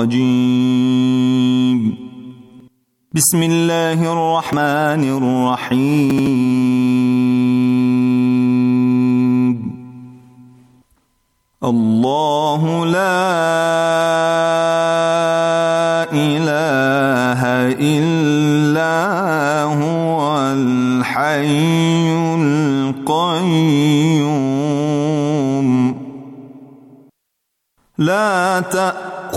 الرجيم بسم الله الرحمن الرحيم الله لا إله إلا هو الحي القيوم لا تأ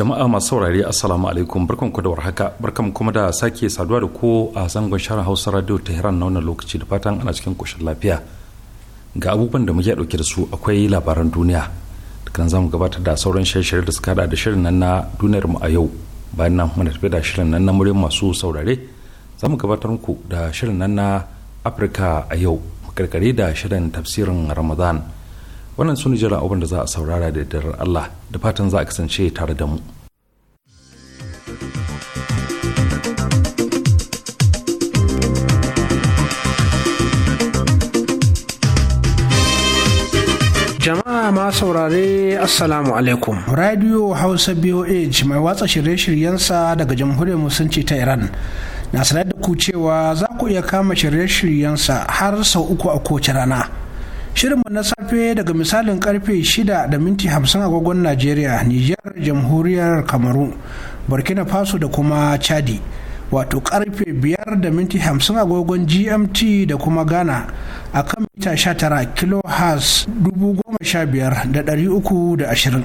jama'a masu saurari assalamu alaikum barkan ku da warhaka barkan kuma da sake saduwa da ko a zangon sharar hausa radio tehran na wannan lokaci da fatan ana cikin koshin lafiya ga abubuwan da muke dauke da su akwai labaran duniya kan zamu gabatar da sauran shirye da suka hada da shirin nan na duniyar mu a yau bayan nan muna tafi da shirin nan na muryar masu saurare zamu gabatar muku da shirin nan na afirka a yau karkare da shirin tafsirin ramadan wannan su jira abin da za a saurara da darar allah da fatan za a kasance tare da mu jama'a ma saurare assalamu alaikum radio hausa boh mai watsa shirye-shiryensa daga jamhuriyar musulunci ta iran na sanar da ku cewa za ku iya kama shirye-shiryensa har sau uku a kowace rana Shirinmu na safe daga misalin karfe 6 da minti 50 agogon Najeriya, Nijar, Jamhuriyar Kamaru, Burkina Faso da kuma Chadi. Wato karfe 5 da minti 50 agogon GMT da kuma Ghana a kan mita 19 da 15,320.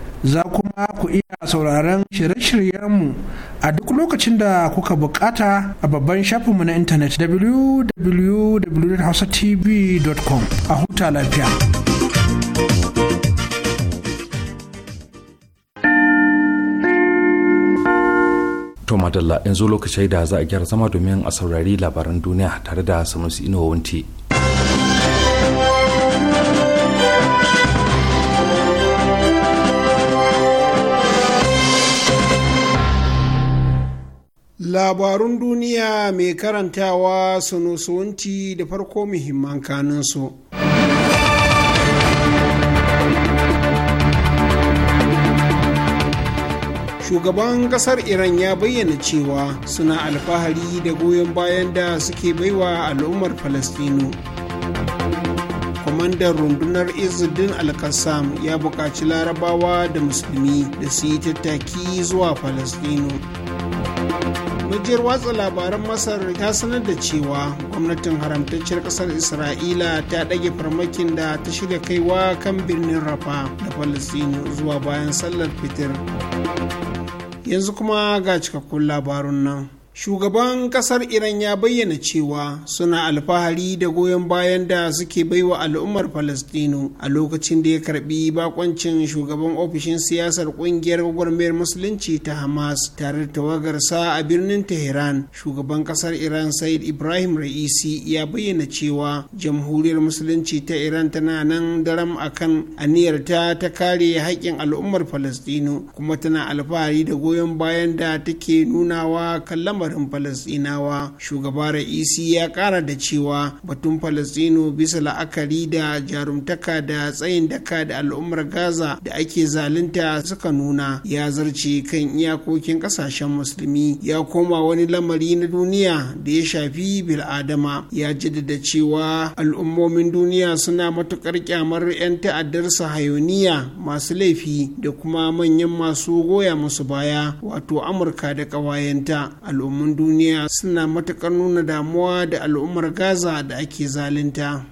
za kuma ku iya sauraron shirye-shiryenmu a duk lokacin da kuka bukata a babban shafinmu na intanet www.hausatv.com a huta lafiya. To madalla yanzu lokacin da za a gyara zama domin a saurari labaran duniya tare da sanusi ino wunti. Labarun duniya mai karantawa sunusuwanti da farko muhimman kanunsu. Shugaban kasar Iran ya bayyana cewa suna alfahari da goyon bayan da suke baiwa al'ummar Falastinu. kwamandan rundunar izudin alkassam ya buƙaci larabawa da musulmi da su yi tattaki zuwa Falasɗinu. majiyar watsa labaran masar ta sanar da cewa gwamnatin haramtacciyar kasar isra'ila ta ɗage farmakin da ta shiga kaiwa kan birnin rafa da falastinu zuwa bayan sallar fitir yanzu kuma ga cikakkun labarun nan shugaban kasar iran ya bayyana cewa suna alfahari da goyon bayan da suke baiwa al'ummar palestino a lokacin da ya karbi bakoncin shugaban ofishin siyasar kungiyar gwagwarmayar musulunci ta hamas tare da tawagarsa a birnin tehran shugaban kasar iran said ibrahim ra'isi ya bayyana cewa jamhuriyar musulunci ta iran tana nan daram akan aniyarta ta kare haƙƙin al'ummar palestino kuma tana alfahari da goyon bayan da take nunawa kallama lamarin falasɗinawa shugaba ra'isi ya kara da cewa batun falasɗinu bisa la'akari da jarumtaka da tsayin daka da al'ummar gaza da ake zalunta suka nuna ya zarce kan iyakokin kasashen musulmi ya koma wani lamari na duniya da ya shafi bil'adama ya jaddada cewa al'ummomin duniya suna matukar kyamar 'yan ta'addar sahayoniya masu laifi da kuma manyan masu goya musu baya wato amurka da ƙawayenta al'umma domin duniya suna matuƙar nuna damuwa da al'ummar gaza da ake zalunta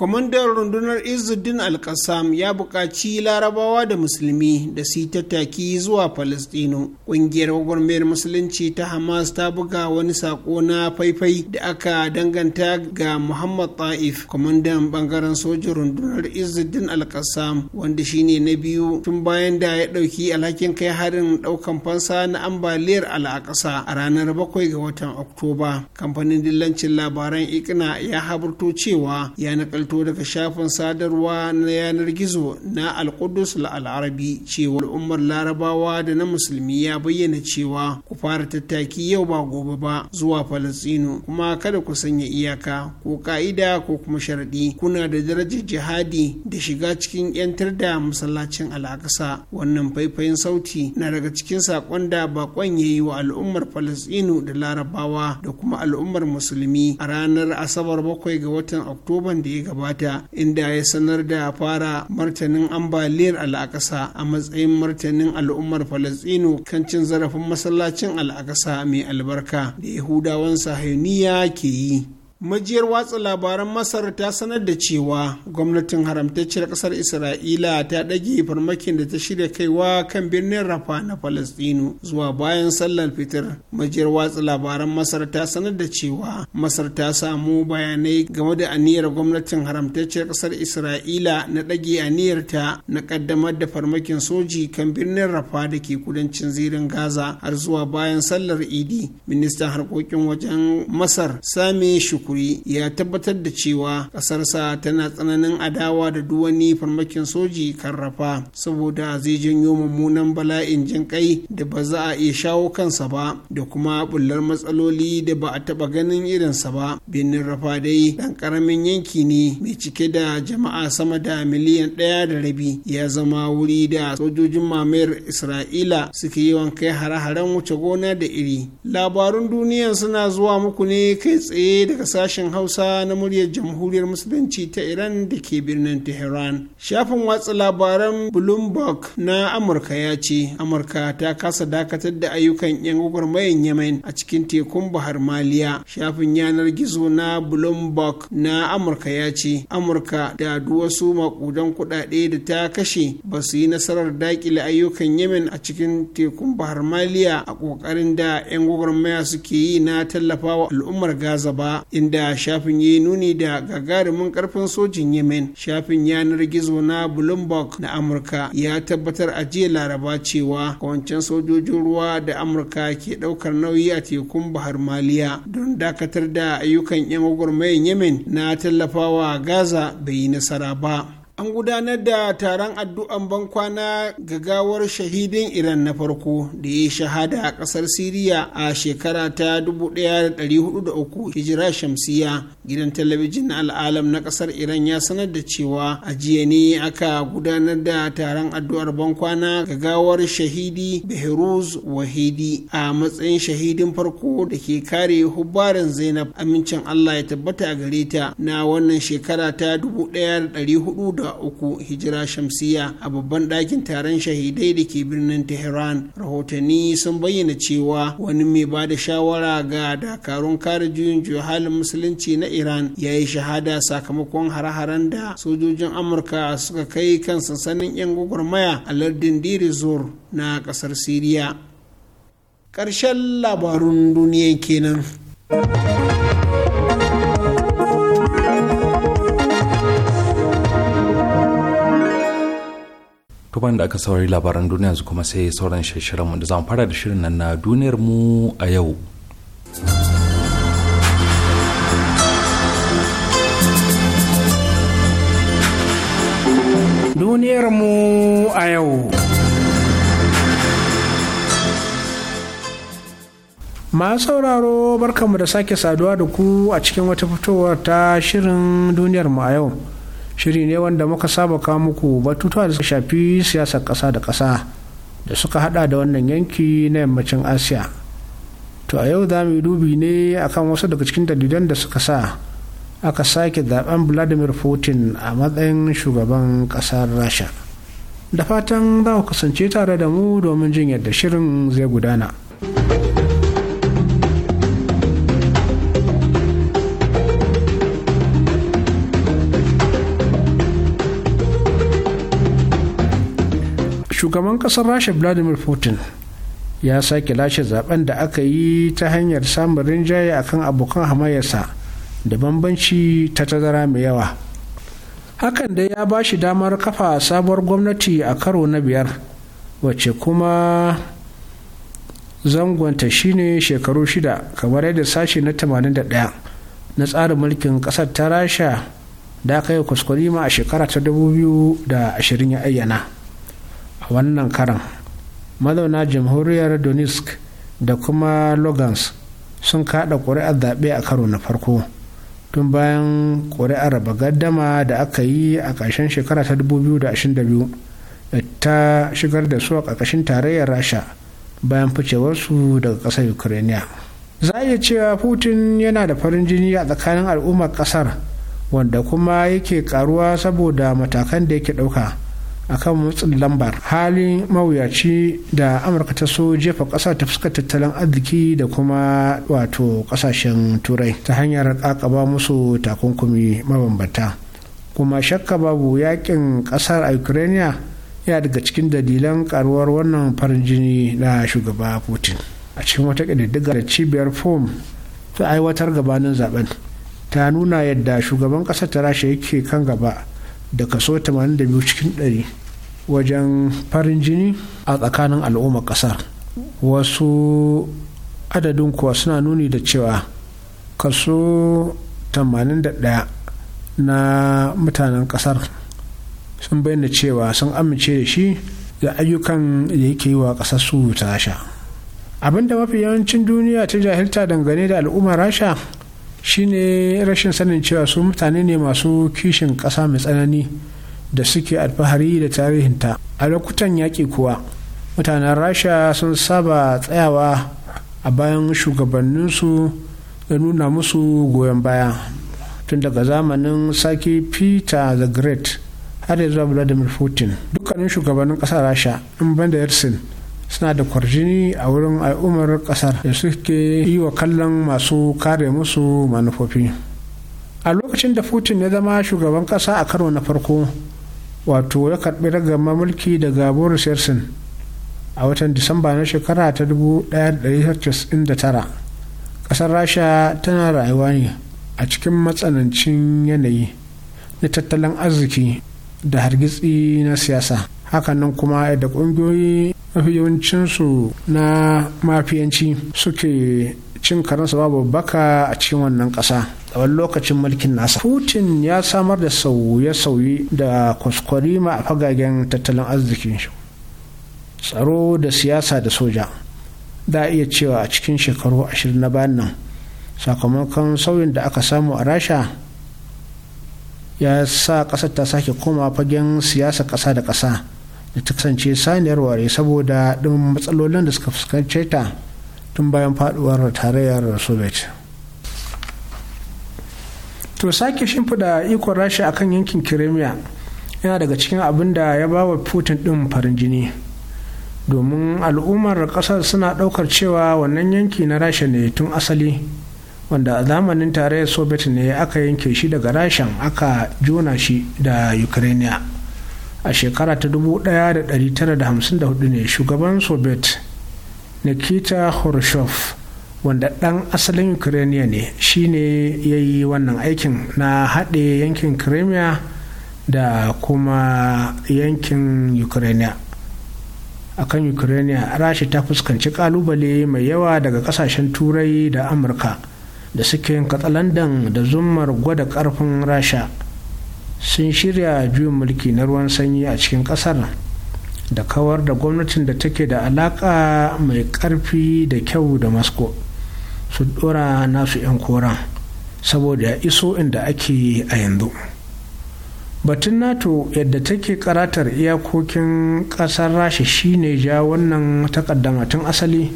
kwamandan rundunar izzuddin alkasam ya buƙaci larabawa da musulmi da su tattaki zuwa falastinu ƙungiyar gwagwarmayar musulunci ta hamas ta buga wani saƙo na faifai da aka danganta ga muhammad ta'if kwamandan ɓangaren sojin rundunar izzuddin alkassam wanda shine na biyu tun bayan da ya ɗauki alhakin kai harin ɗaukan fansa na ambaliyar al'aƙasa a ranar bakwai ga watan oktoba kamfanin dillancin labaran ikna ya habarto cewa ya naƙal rawaito daga shafin sadarwa na yanar gizo na alkudus al'arabi cewa al'ummar larabawa da na musulmi ya bayyana cewa ku fara tattaki yau ba gobe ba zuwa falastinu kuma kada ku sanya iyaka ko ka'ida ko kuma sharaɗi kuna da darajar jihadi da shiga cikin 'yantar da masallacin al'akasa wannan faifayin sauti na daga cikin saƙon da bakon ya yi wa al'ummar falastinu da larabawa da kuma al'ummar musulmi a ranar asabar bakwai ga watan oktoban da ya gabata inda ya sanar da fara martanin ambaliyar al'akasa a matsayin martanin al'ummar falastinu kan cin zarafin masallacin al'akasa mai albarka da yahudawan sahiniya ke yi majiyar watsa labaran masar ta sanar da cewa gwamnatin haramtacciyar kasar isra'ila ta ɗage farmakin da ta shirya kaiwa kan birnin rafa na falastinu zuwa bayan sallar fitar. majiyar watsa labaran masar ta sanar da cewa masar ta samu bayanai game da aniyar gwamnatin haramtacciyar kasar isra'ila na ɗage aniyarta na ƙaddamar da farmakin soji kan birnin rafa da ke kudancin zirin gaza har zuwa bayan sallar idi ministan harkokin wajen masar sami shuku yunkuri ya tabbatar da cewa ƙasarsa tana tsananin adawa da duk wani farmakin soji kan rafa saboda zai janyo mummunan bala'in jin kai da ba za a iya shawo kansa ba da kuma bullar matsaloli da ba a taɓa ganin irinsa ba birnin rafa dai ɗan ƙaramin yanki ne mai cike da jama'a sama da miliyan ɗaya da rabi ya zama wuri da sojojin mamayar isra'ila suke yawan kai hare-haren wuce gona da iri labarun duniya suna zuwa muku ne kai tsaye daga sashen hausa na muryar jamhuriyar musulunci ta iran da ke birnin tehran shafin watsa labaran bloomberg na amurka ya ce amurka ta kasa dakatar da ayyukan yan gwagwarmayan yemen a cikin tekun bahar maliya shafin yanar gizo na bloomberg na amurka ya ce amurka da wasu makudan kudade da ta kashe ba su yi nasarar dakile ayyukan yemen a cikin tekun bahar maliya a kokarin da yan gwagwarmaya suke yi na tallafawa al'ummar gaza ba inda inda shafin ya nuni da gagarumin karfin sojin yemen shafin yanar gizo na bloomberg na amurka ya tabbatar a jiya laraba cewa kawancen sojojin ruwa da amurka ke daukar nauyi a tekun bahar maliya don dakatar da ayyukan yan gwagwarmayan yemen na tallafawa gaza bai yi nasara ba an gudanar da taron addu'an bankwana ga gawar shahidin iran na farko da ya shahada a kasar siriya a shekara ta 1403 hijira shamsiya gidan talabijin na al'alam na kasar iran ya sanar da cewa a jiya ne aka gudanar da taron addu'ar bankwana ga gawar shahidi behruz wahidi a matsayin shahidin farko da ke kare hubbarin zainab amincin allah ya tabbata a gare ta na wannan shekara ta uku hijira shamsiya a babban ɗakin taron shahidai da ke birnin tehran rahotanni sun bayyana cewa wani mai ba da shawara ga dakarun kare juyin halin musulunci na iran ya yi shahada sakamakon hare-haren da sojojin amurka suka kai kan sansanin 'yan gwagwarmaya a lardin dirizor na ƙasar siriya ƙarshen labarun duniya kenan. tuban da aka saurari labaran duniya su kuma sai sauran shirin da zan fara da shirin nan na duniyar mu a yau duniyar mu a yau masu sauraro barkanmu da sake saduwa da ku a cikin wata fitowar ta shirin duniyar mu a yau shiri ne wanda muka saba kawo muku batutuwa da suka shafi siyasar ƙasa da ƙasa da suka hada da wannan yanki na yammacin asiya to a yau za mu yi dubi ne akan wasu daga cikin dalilan da suka sa aka sake zaben vladimir putin a matsayin shugaban ƙasar rasha da fatan za ku kasance tare da mu domin jin yadda shirin zai gudana. shugaban kasar rasha vladimir putin ya sake lashe zaben da aka yi ta hanyar samun rinjaye akan abokan hamayarsa da bambanci ta tazara mai yawa hakan da ya ba shi damar kafa sabuwar gwamnati a karo na biyar wacce kuma zangonta shine shekaru shida kamar yadda sashe na 81 na tsarin mulkin kasar ta rasha da aka yi kuskure ma a shekara ta 2020 ya ayyana. wannan karan mazauna jamhuriyar donetsk da kuma logans sun kada ƙuri'ar zaɓe a karo na farko tun bayan ƙuri'ar bagadama da aka yi a ƙarshen shekara ta 2022 ta shigar da su a ƙarƙashin tarayyar rasha bayan ficewarsu daga ƙasar ukraine za a iya cewa putin yana da farin jini a tsakanin al'ummar ƙasar wanda kuma yake karuwa saboda matakan da yake ɗauka. a kan matsin lambar halin mawuyaci da amurka ta so jefa ƙasa ta fuskar tattalin arziki da kuma wato ƙasashen turai ta hanyar ƙaƙaba musu takunkumi mabambanta kuma shakka babu yakin ƙasar ukraine ya daga cikin dalilan karuwar wannan farin jini na shugaba putin a cikin wata ƙididdiga da cibiyar fom ta aiwatar gabanin zaben ta nuna yadda shugaban ƙasar ta rasha yake kan gaba da kaso 82 cikin 100 wajen farin jini a tsakanin al'ummar ƙasar wasu adadin kuwa suna nuni da cewa kaso 81 na mutanen ƙasar sun bayyana cewa sun amince da shi da ayyukan da yake yi wa ƙasar su ta rasha abinda mafi yawancin duniya ta jahilta dangane da al'ummar rasha shine rashin sanin cewa su mutane ne masu kishin ƙasa mai tsanani da suke alfahari da tarihinta a lokutan yaƙi kuwa mutanen rasha sun saba tsayawa a bayan shugabanninsu da nuna musu goyon baya tun daga zamanin sake peter the great har yanzu vladimir putin dukkanin shugabannin ƙasar rasha in banda yarsin suna da kwarjini a wurin al'ummar kasar da suke yi wa kallon masu kare musu manufofi a lokacin da putin ya zama shugaban kasa a karo na farko wato ya karbi ragama mulki daga boris yeltsin a watan disamba na shekara ta 1999 kasar rasha tana rayuwa ne a cikin matsanancin yanayi na tattalin arziki da hargitsi na siyasa hakanan kuma yadda ƙungiyoyi mafi yawancinsu na mafiyanci suke cin karansa babu baka a cikin wannan ƙasa tsawon lokacin mulkin nasa putin ya samar da sauye-sauye da kwaskwarima a fagagen tattalin arzikin shi tsaro da siyasa da soja da iya cewa a cikin shekaru ashirin na bayan nan sakamakon sauyin da aka samu a rasha ya sa ƙasar ta sake koma fagen siyasa ƙasa da ƙasa da ta kasance saniyar ware saboda ɗin matsalolin da suka fuskance ta tun bayan faduwar tarayyar soviet to sake shimfiɗa ikon rasha akan yankin kiremiya yana daga cikin abin da ya ba wa putin ɗin farin jini domin al'ummar ƙasar suna ɗaukar cewa wannan yanki na rasha ne tun asali wanda a zamanin tarayyar soviet ne aka yanke shi daga rashan aka jona shi da ukraine a shekara ta 1954 ne shugaban soviet nikita khrushchev wanda ɗan asalin ukraine ne shine ya yi wannan aikin na haɗe yankin crimea da kuma yankin ukraine a kan ukraine rashi ta fuskanci kalubale mai yawa daga kasashen turai da amurka da suke katsalandan da zumar gwada karfin rasha sun shirya juyin mulki na ruwan sanyi a cikin kasar da kawar da gwamnatin da take da alaka mai karfi da kyau da masko su dora nasu 'yan koran saboda ya iso inda ake a yanzu batun nato yadda take karatar iyakokin kasar rasha shine ja wannan takaddama tun asali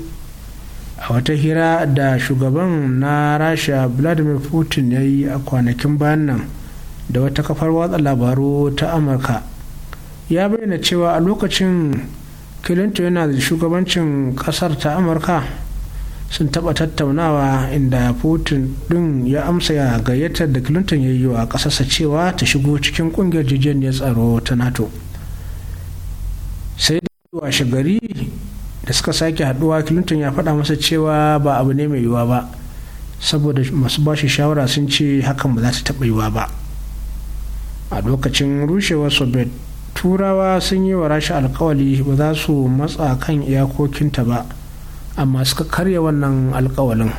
a wata hira da shugaban na rasha vladimir putin ya yi a kwanakin bayan nan da wata kafar watsa labaru ta amurka ya bayyana cewa a lokacin clinton yana da shugabancin kasar ta amurka sun taɓa tattaunawa inda putin ɗin ya amsa ya gayyatar da clinton ya yi wa ƙasarsa cewa ta shigo cikin ƙungiyar jijiyar tsaro ta nato sai da washe gari da suka sake haduwa clinton ya faɗa masa cewa ba abu ne mai yiwuwa ba saboda masu bashi shawara sun ce hakan ba za ta taɓa yiwuwa ba a lokacin rushewar soviet turawa sun yi wa rasha alkawali ba za su matsa kan iyakokinta ba amma suka karya wannan alkawalin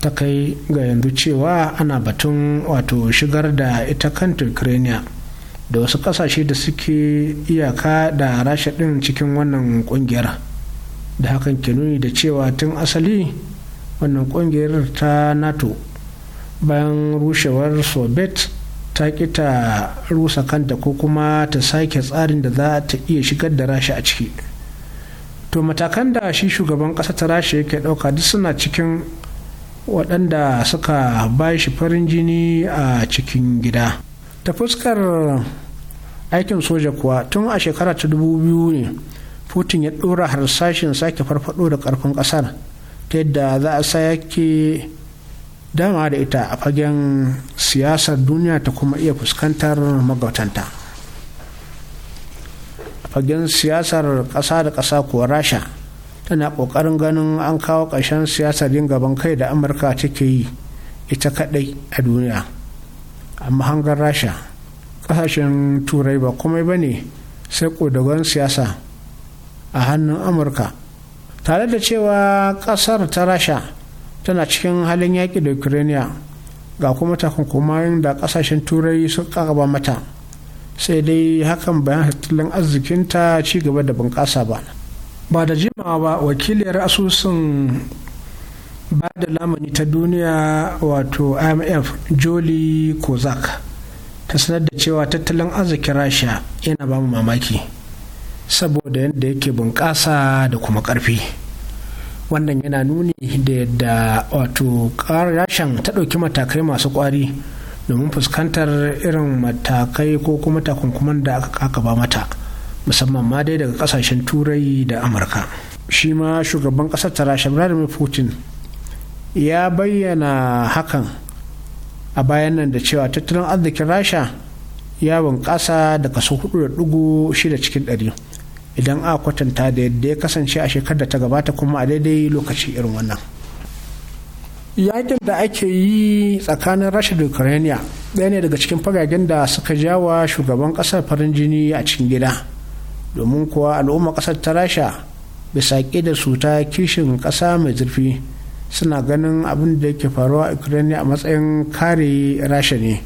ta kai ga yanzu cewa ana batun wato shigar da ita kan ukraine da wasu kasashe da suke iyaka da rasha din cikin wannan kungiyar da hakan ke nuni da cewa tun asali wannan kungiyar ta nato bayan rushewar soviet ta ki ta rusa kanta ko kuma ta sake tsarin da za ta iya shigar da rasha a ciki to matakan da shi shugaban ƙasa ta rasha yake ɗauka duk suna cikin waɗanda suka ba shi farin jini a cikin gida ta fuskar aikin soja kuwa tun a shekara ta dubu biyu ne putin ya ɗora harsashin sake farfaɗo da ƙarfin ƙasar ta yadda za a yake dama da ita a fagen siyasar duniya ta kuma iya fuskantar magautanta a fagen siyasar ƙasa da ƙasa kuwa rasha tana ƙoƙarin ganin an kawo ƙarshen siyasar yin gaban kai da amurka take yi ita kaɗai a duniya amma hangar rasha ƙasashen turai ba komai ba ne sai ƙodagon siyasa a hannun amurka tare da cewa ƙasar ta rasha tana cikin halin yaƙi da ukraine ga kuma takunkumayin da ƙasashen turai suka ƙaraba mata sai dai hakan bayan tattalin arzikinta ci gaba da bunƙasa ba ba da jimawa ba wakiliyar asusun ba da lamani ta duniya wato imf joli kozak ta sanar da cewa tattalin arzikin rasha yana ba mu mamaki saboda yadda yake bunƙasa da kuma ƙarfi. wannan yana nuni da yadda wato rashin ta ɗauki matakai masu kwari domin fuskantar irin matakai ko kuma takunkuman da aka kakaba mata musamman ma dai daga kasashen turai da amurka shi ma shugaban ƙasar rasha vladimir putin ya bayyana hakan a bayan nan da cewa tattalin arzikin rasha ya bunƙasa da kaso 4.6 cikin ɗari. idan a kwatanta da yadda ya kasance a shekar da ta gabata kuma a daidai lokaci irin wannan yakin da ake yi tsakanin rasha da ukraine ɗaya ne daga cikin fagagen da suka jawa shugaban ƙasar farin jini a cikin gida domin kuwa al'ummar ƙasar ta rasha bisa da su ta kishin ƙasa mai zurfi suna ganin abin da ke faruwa a ukraine a matsayin kare rasha ne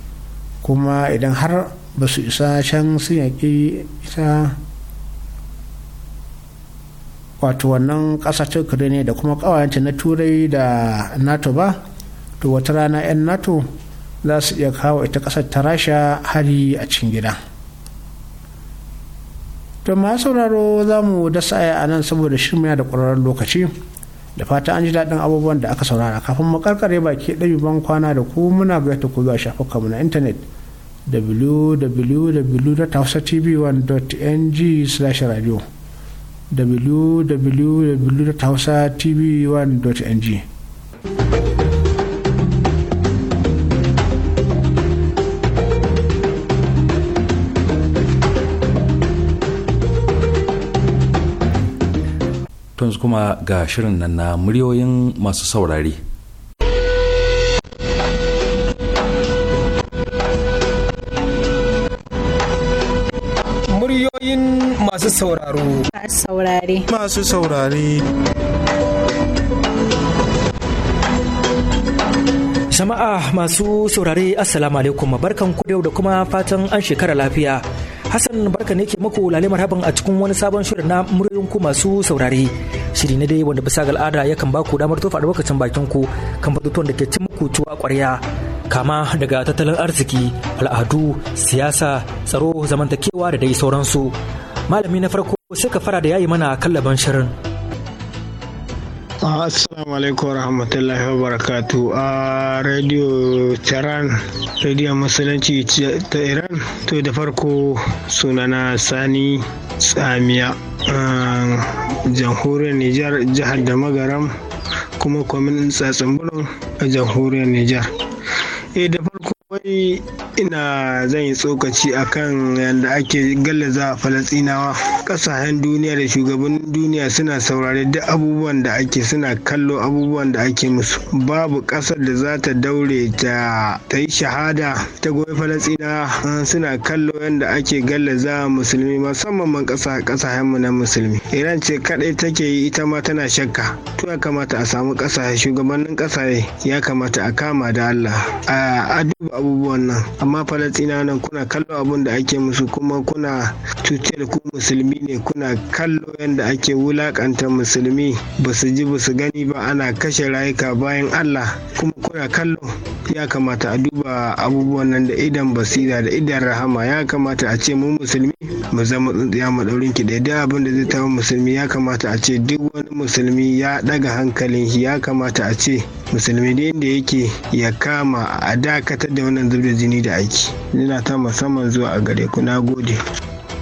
kuma idan har ba su isa can sun yaƙi ita wato wannan kasa ta ukraine da kuma ƙawayenta na turai da nato ba to wata rana 'yan nato za su iya kawo ita kasar ta rasha hari a cikin gida to ma sauraro za mu dasa aya a nan saboda shirmiya da ƙwararren lokaci da fata an ji daɗin abubuwan da aka saurara kafin mu karkare baki ɗabi ban kwana da ku muna gaita ku zuwa mu na intanet wwwtv 1ng radio www.hausatv1.ng tunzu kuma ga shirin nan na muryoyin masu saurari Masu sauraro. Masu saurare. Jama'a masu saurare Assalamu alaikum barkan ku da kuma fatan an shekara lafiya. Hassan barka ne ke muku lalle marhaban a cikin wani sabon shirin na muryoyin ku masu saurare. Shiri na dai wanda bisa ga al'ada yakan baku damar tofa lokacin bakin ku kan batutuwan da ke cin muku tuwa kwarya. Kama daga tattalin arziki, al'adu, siyasa, tsaro, zamantakewa da dai sauransu. malami na farko suka fara da yayi mana a kallaban shirin ah, Assalamu alaikum wa barakatu a ah, Radio Tehran, Radio Musulunci ta Iran. To da farko sunana Sani Tsamiya, ah, jamhuriyar Nijar jihar da magaram kuma kwamin tsatsin a jamhuriyar Nijar. Eh, ina zan yi tsokaci a kan yadda ake gallaza a falasinawa ƙasashen duniya da shugaban duniya suna saurare duk abubuwan da ake suna kallo abubuwan da ake musu babu ƙasar da za ta daure ta ta yi shahada ta goyi falasinawa suna kallo yadda ake gallaza musulmi musamman ƙasashenmu na musulmi iran ce kaɗai take yi ita ma tana shakka to ya kamata a samu ƙasashe shugabannin ƙasashe ya kamata a kama da allah a duba abubuwan abubuwan nan amma falastina nan kuna kallo abin da ake musu kuma kuna cutar ku musulmi ne kuna kallo yadda ake wulakanta musulmi ba su ji ba su gani ba ana kashe rayuka bayan allah kuma kuna kallo ya kamata a duba abubuwan nan da idan basira da idan rahama ya kamata a ce mu musulmi mu zama tsuntsiya mu daurin ki daidai abin da zai taɓa musulmi ya kamata a ce duk wani musulmi ya daga hankalin shi ya kamata a ce musulmi da yake ya kama a dakatar da wannan zubar da jini da aiki ina ta musamman zuwa a gare ku na gode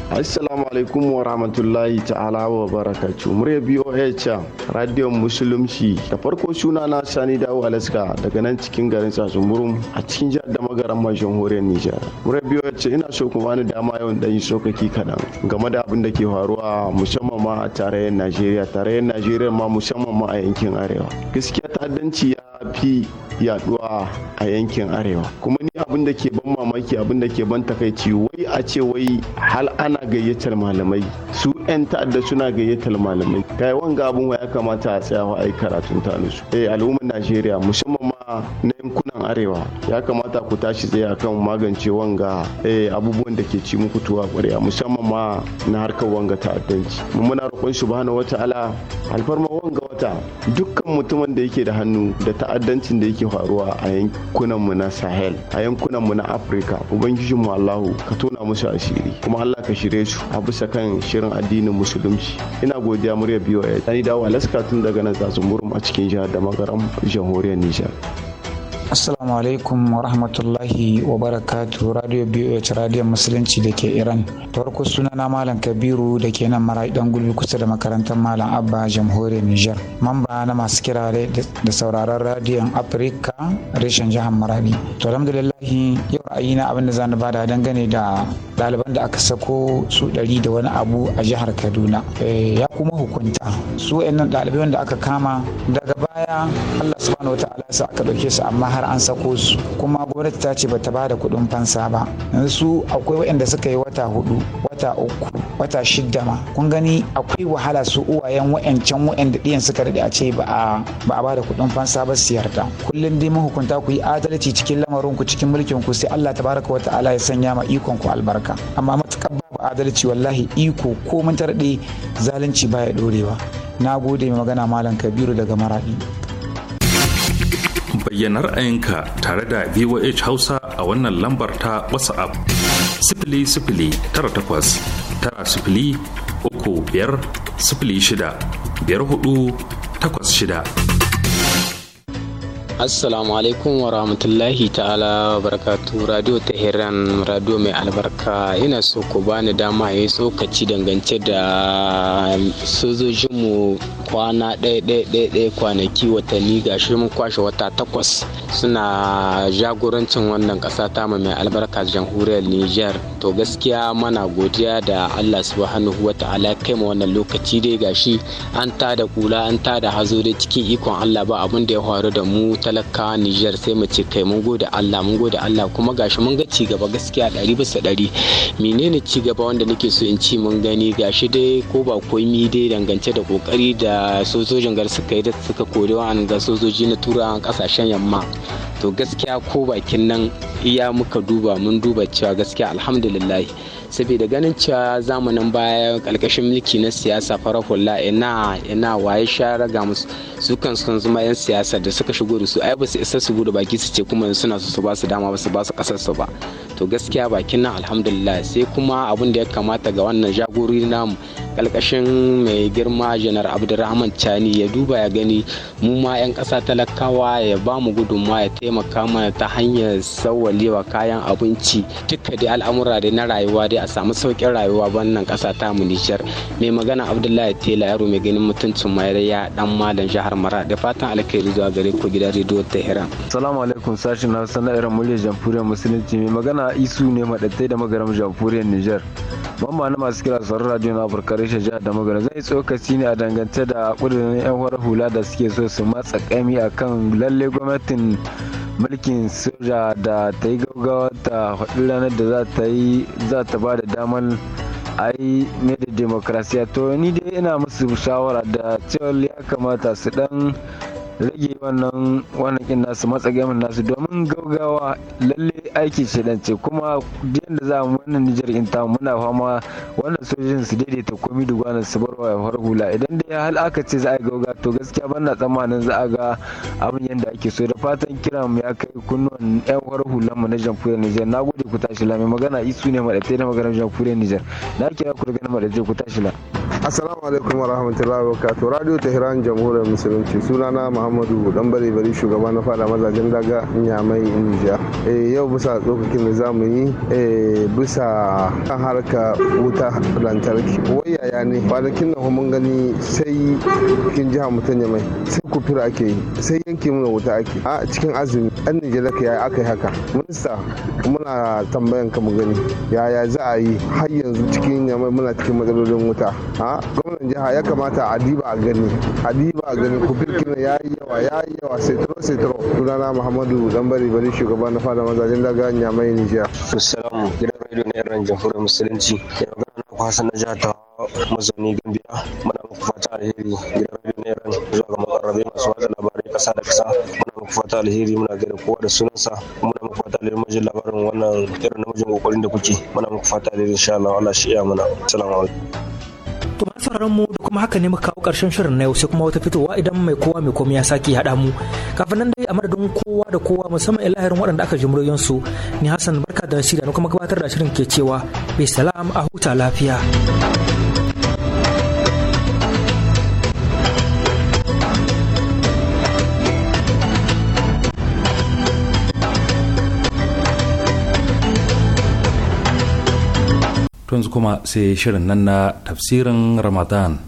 Assalamu alaikum wa rahmatullahi ta'ala wa barakatu. Murya BOH Radio Musulunci da farko suna na Sani Dawo Alaska daga nan cikin garin Tsatsunburum a cikin jihar da magaran man jamhuriyar Nijar. Murya BOH ina so kuma ni dama yawan dan yi sokaki kaɗan game da abin da ke faruwa musamman ma a tarayyar Najeriya, tarayyar Najeriya ma musamman ma a yankin Arewa. Gaskiya ta'addanci ya fi yaduwa a yankin arewa kuma ni abin da ke ban mamaki abin da ke ban takaici wai a ce wai hal ana gayyatar malamai su 'yan ta'adda suna gayyatar malamai kai wanga abin ya kamata a tsayawa a yi karatun tanusu eh al'ummar najeriya musamman ma na yankunan arewa ya kamata ku tashi tsaye akan magance wanga eh, abubuwan da ke ci muku tuwa kwarya musamman ma na harkar wanga ta'addanci muna roƙon subhanahu ala alfarma wanga wata dukkan mutumin da yake da hannu da ta'addancin da yake faruwa a yankunanmu na sahel a yankunanmu na afirka mu allahu ka tona musu asiri kuma allah ka shirye su a bisa kan shirin addinin musulunci ina godiya murya biyu a dawo alaska tun daga nan tsatsun a cikin jihar da magaram jamhuriyar nijar Assalamu alaikum wa rahmatullahi wa barakatu Radio BOH Radio Musulunci da ke Iran. Ta suna na Malam Kabiru da ke nan mara dan gulbi kusa da makarantar Malam Abba Jamhuriyar Nijar. Mamba na masu kira da sauraron radiyon Afirka reshen jihar Marabi. To yau yau na abin da zan bada dangane da ɗaliban da aka sako su ɗari da wani abu a jihar Kaduna. Eh, ya kuma hukunta su 'yan ɗalibai wanda aka kama daga baya Allah subhanahu wa ta'ala sa aka ɗauke su amma har an sako su kuma gwamnati ta ce bata da kuɗin fansa ba yanzu su akwai waɗanda suka yi wata hudu wata uku wata shidda ma kun gani akwai wahala su uwayen wa'ancan wa'anda ɗiyan suka daɗe a ce ba a ba bada kuɗin fansa ba su yarda kullum dai mahukunta ku yi adalci cikin lamarin ku cikin mulkin ku sai Allah tabaraka wa ta'ala ya sanya ma ikon ku albarka amma matukar babu adalci wallahi iko ko mun tarɗe zalunci baya ɗorewa na gode magana malam kabiru daga maraɗi bayyana ra'ayinka tare da voh hausa a wannan lambar ta whatsapp sifili sifili tara takwas tara sifili uku biyar sifili shida biyar huɗu takwas shida assalamu alaikum wa rahmatullahi ta'ala barakatu radio tehran radio mai albarka ina so ku bani dama yi tsokaci dangance da sojojinmu kwana ɗaya kwanaki watanni gashi mun kwashe wata takwas suna jagorancin wannan ƙasa ta mai albarka jamhuriyar nijar to gaskiya mana godiya da allah subhanahu wa ta'ala kai ma wannan lokaci dai gashi an ta da kula an tada hazo dai cikin ikon allah ba abin da ya faru da mu talakawa Nijar sai mu ce kai mun gode Allah mun gode Allah kuma gashi mun ga ci gaba gaskiya ɗari bisa ɗari menene ci gaba wanda nake so in ci mun gani gashi dai ko ba komi dai dangance da kokari da sojojin gar suka yi da suka kori ga sojoji na turawan kasashen yamma to gaskiya ko bakin nan iya muka duba mun duba cewa gaskiya alhamdulillah saboda ganin cewa zamanin baya karkashin mulki na siyasa farar hula ina ina waye shara ga musu su kan sun zama yan siyasa da suka shigo da su ai ba su isa su gudu baki su ce kuma suna su ba su dama ba su ba su kasar su ba to gaskiya bakin nan alhamdulillah sai kuma abin da ya kamata ga wannan jagorori namu ƙarƙashin mai girma janar abdulrahman chani ya duba ya gani mu ma 'yan ƙasa talakawa ya ba mu gudunmawa ya taimaka mana ta hanyar sauwalewa kayan abinci duka dai al'amura dai na rayuwa dai a samu sauƙin rayuwa wannan ƙasa ta mu nijar mai magana abdullahi tela yaro mai ganin mutuncin mayarya dan malam jihar mara da fatan alkhairi zuwa gare ku gidan rediyo tehran salamu alaikum sashin na sana irin muryar jamhuriyar musulunci mai magana isu ne madattai da magaram jamhuriyar nijar mamma na masu kira sauran radio na afirka reshen jihar da zai tsokaci ne a dangance da kudin yan horar hula da suke so su matsa a kan lalle gwamnatin mulkin soja da ta yi gaugawa ta faɗi ranar da za ta yi za ta ba da damar a yi ne da demokrasiya to ni dai ina musu shawara da cewar ya kamata su dan rage wannan wanakin nasu matsagamin nasu domin gaugawa lalle aiki ce ce kuma yadda za mu wannan nijar in ta muna fama wannan sojojin su daidaita komi da gwanin su bar wa yawar hula idan dai hal aka ce za a gauga to gaskiya ban na tsammanin za a ga abin yadda ake so da fatan kira mu ya kai kunnuwan yan war hulan mu na jamhuriyar nijar na gode ku tashi lami magana isu ne maɗaɗe na maganar jamhuriyar nijar na kira ku daga maɗaɗe ku tashi la assalamu alaikum wa rahmatullahi wa barakatuh radio tehran jamhuriyar musulunci sunana muhammadu dan bare bari shugaba na fada mazajen daga nyamai injiya eh, yau bisa tsokokin da zamu yi eh, bisa kan harka wuta lantarki ya ne kwanakin nan mun gani sai cikin jiha mutum yamai, sai kufira ake yi sai yanke mu wuta ake a cikin azumi an nijar ka yayi aka yi haka minista muna tambayan ka mu gani yaya za a yi har yanzu cikin yamai muna cikin matsalolin wuta a gwamnan jiha ya kamata a diba a gani a diba a gani kufir kina ya yi yawa ya yi yawa sitro sitro sunana muhammadu dambari bari shugaban na fada mazajen daga mai nijiya assalamu gidan radio na iran jamhuriyar musulunci ya magana na kwasa na jihar ta mazauni gambiya muna muku fata alheri gidan radio na iran zuwa ga makarrabe masu watsa labarai kasa da kasa muna muku fata alheri muna gaida kowa da sunansa muna muku fata alheri majin labarin wannan irin namijin kokarin da kuke muna muku fata alheri insha Allah Allah shi iya mana assalamu alaikum To sauraron mu da kuma haka ne muka kawo karshen shirin na yau sai kuma wata fitowa idan mai kowa mai komai ya sake haɗa mu. Kafin nan dai a madadin kowa da kowa musamman ilahirin waɗanda aka ji muryoyin su ni Hassan barka da shirya kuma gabatar da shirin ke cewa bai salam a huta lafiya. to yanzu kuma sai shirin nan na tafsirin ramadan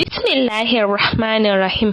Bismillahirrahmanirrahim.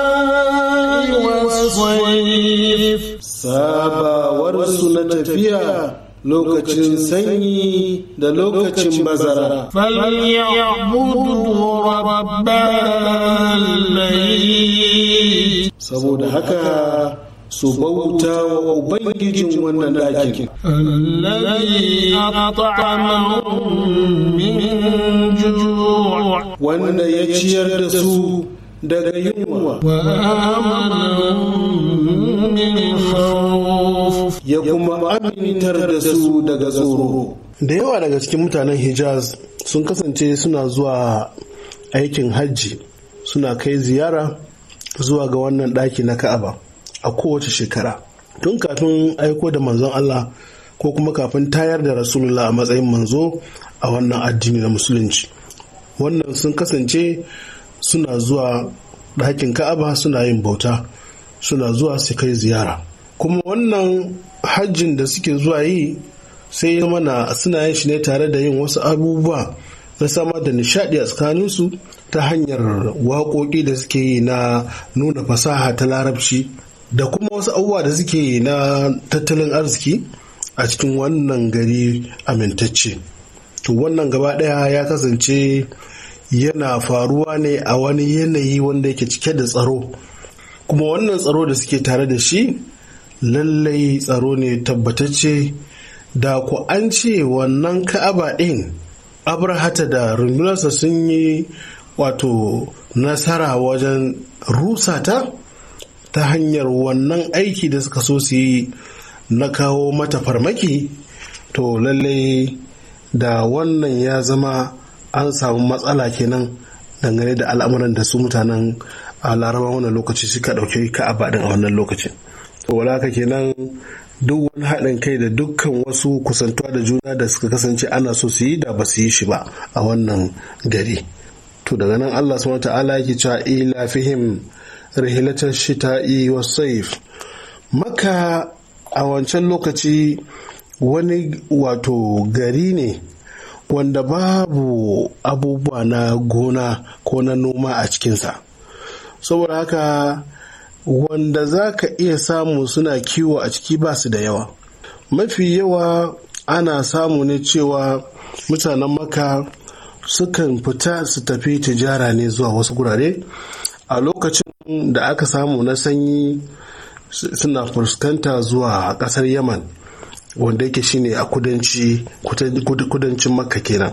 sabawarsu na tafiya lokacin sanyi da lokacin bazara. Saboda haka su bauta wa Ubangijin wannan ɗakin. Wanda ya ciyar da su daga yunwa. kuma amintar da su daga tsoro. da yawa daga cikin mutanen hijaz sun kasance suna zuwa aikin hajji suna kai ziyara zuwa ga wannan ɗaki na ka'aba a kowace shekara tun kafin aiko da manzon allah ko kuma kafin tayar da rasulullah a matsayin manzo a wannan addini na musulunci wannan sun kasance suna zuwa ɗakin ka'aba suna yin bauta suna zuwa su kai ziyara kuma wannan hajjin da suke zuwa yi sai mana suna yin shi ne tare da yin wasu abubuwa na sama da nishadi a tsakaninsu ta hanyar waƙoƙi da suke yi na nuna fasaha ta larabci da kuma wasu abubuwa da suke yi na tattalin arziki a cikin wannan gari amintacce to wannan gaba ɗaya ya kasance yana faruwa ne a wani yanayi wanda yake cike da tsaro kuma wannan tsaro da suke tare da shi lallai tsaro ne tabbatacce da ku an ce wannan ka'aba ɗin abrahata da rundunarsa sun yi wato nasara wajen rusata ta hanyar wannan aiki da suka so su yi na kawo mata farmaki to lallai da wannan ya zama an samu matsala kenan dangane da al'amuran da su mutanen a laraba wannan lokaci suka ɗauki ka'aba din a wannan lokacin wala ke kenan duk wani haɗin kai da dukkan wasu kusantuwa da juna da suka kasance ana so su yi da ba su yi shi ba a wannan gari to daga nan Allah subhanahu ta'ala yake cewa ila fihim ta shita'i wa saif maka a wancan lokaci wani wato gari ne wanda babu abubuwa na gona ko na noma a cikinsa saboda haka wanda za ka iya samu suna kiwo a ciki ba su da yawa mafi yawa ana samu ne cewa mutanen maka sukan fita su tafi tijara ne zuwa wasu gurare a lokacin da aka samu na sanyi suna fuskanta zuwa kasar yaman wanda yake shine a kudancin makka kenan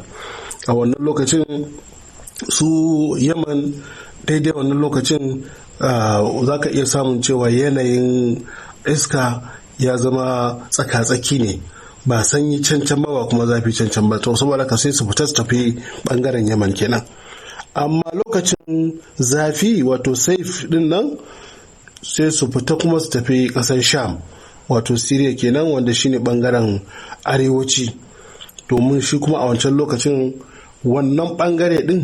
a wannan lokacin su yaman daidai wannan lokacin ah, za ka iya samun cewa yanayin iska ya zama tsaka-tsaki ne ba sanyi cancan ba kuma zafi cancan ba to saboda ka sai su fita su tafi bangaren yaman kenan amma lokacin zafi wato saif din nan sai su fita kuma su tafi kasar sham wato siriya kenan wanda shine bangaren arewaci domin shi kuma a wancan lokacin wannan bangare din